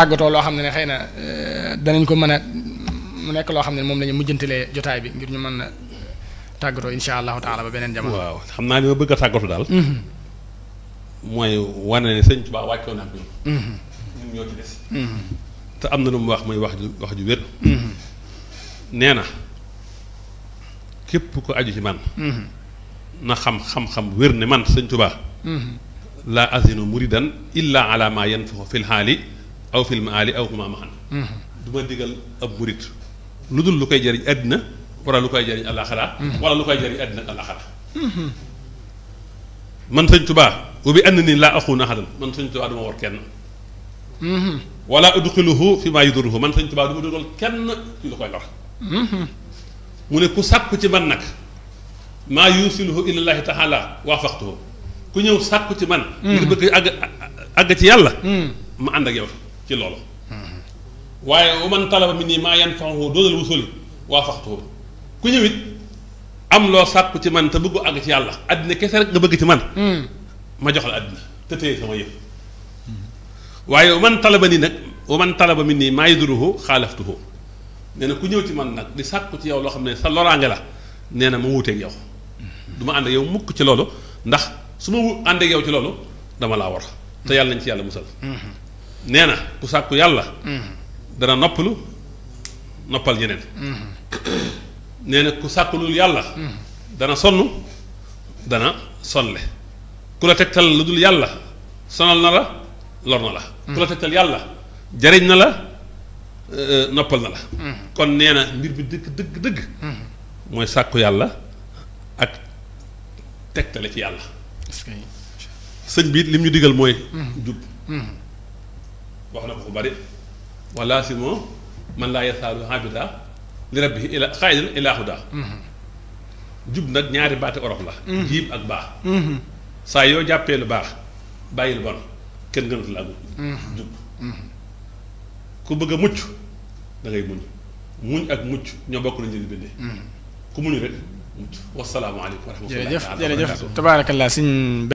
tàggatoo loo xam ne ne xëy na euh, danañ ko mën a mu nekk loo xam ne moom la ñu mujjantilee jotaay bi ngir ñu mën a tàggatoo incha allahu taala ba beneen jamono. waaw xam naa li ma bëgg a tàggatu daal. Mhm. mooy wane ne mhm. mhm. na wax muy wax ju wax ju wér. nee képp ku aju ci man. na xam xam-xam wér ne man sëñ Tuubaa. laa azinu muridan illa ala ma yanfaxu fil xaali. aw fil maali aw xumaa maxan du digal ab murit lu dul lu koy jëriñ àddina wala lu koy jëriñ àllaaxira wala lu koy jëriñ àddina ak àllaaxira man sëñ tubaa ubi ànd nii laa axuun ahadan man sëñ tubaa du ma war kenn wala udxiluhu fi maa yudurruhu ci lu koy lor mu ne ku sàkku ci man nag maa yusiluhu ilallaahi taala waafaqtuhu ku ñëw sàkku ci man ngir bëgg àgg àgg ci yàlla hmm. ma ànd ak yow ci loolu waaye waman talaba mi nii maa yan fanxu doonal wusuli waa faxtuhu ku ñëw am loo sàkku ci man te bëggu àgg ci yàlla àddina kese rek nga bëgg ci man hmm. ma jox la àddina te téye sama yëf waaye waman talaba nii nag waman talaba mi nii maa yadruhu xaalaftuhu nee na ku ñëw ci man nag di sàkku ci yow loo xam ne sa loraange la nee na ma wuuteeg yow du ma ànd ak yow mukk ci loolu ndax su ma ànd ak yow ci loolu dama laa war te yàlla nañ ci yàlla musal hmm. Mm-hmm. Mm-hmm. nee na ku sàkku yàlla. dana noppalu noppal ñeneen. nee na ku sàkkulul yàlla. dana sonn dana sonle ku la tegtal lu dul yàlla sonal na la lor na la. ku la mm-hmm. tegtal yàlla jariñ na la euh, noppal na la. kon nee na mbir bi dëgg dëgg dëgg. mooy sàkku yàlla ak tegtale ci yàlla. sëñ bi it lim ñu digal mooy. jub. wax na ko fu bari wala si moom man laa yasaaru habida li rabbi ila xaayidan ila huda jub nag ñaari baati orof la jiib ak baax saa yoo jàppee lu baax bàyyi bon kenn gënatu la ak jub ku bëgg a mucc da muñ muñ ak mucc ñoo bokk nañu leen bindee ku muñ rek mucc wassalaamu aleykum wa rahmatullaahi jërëjëf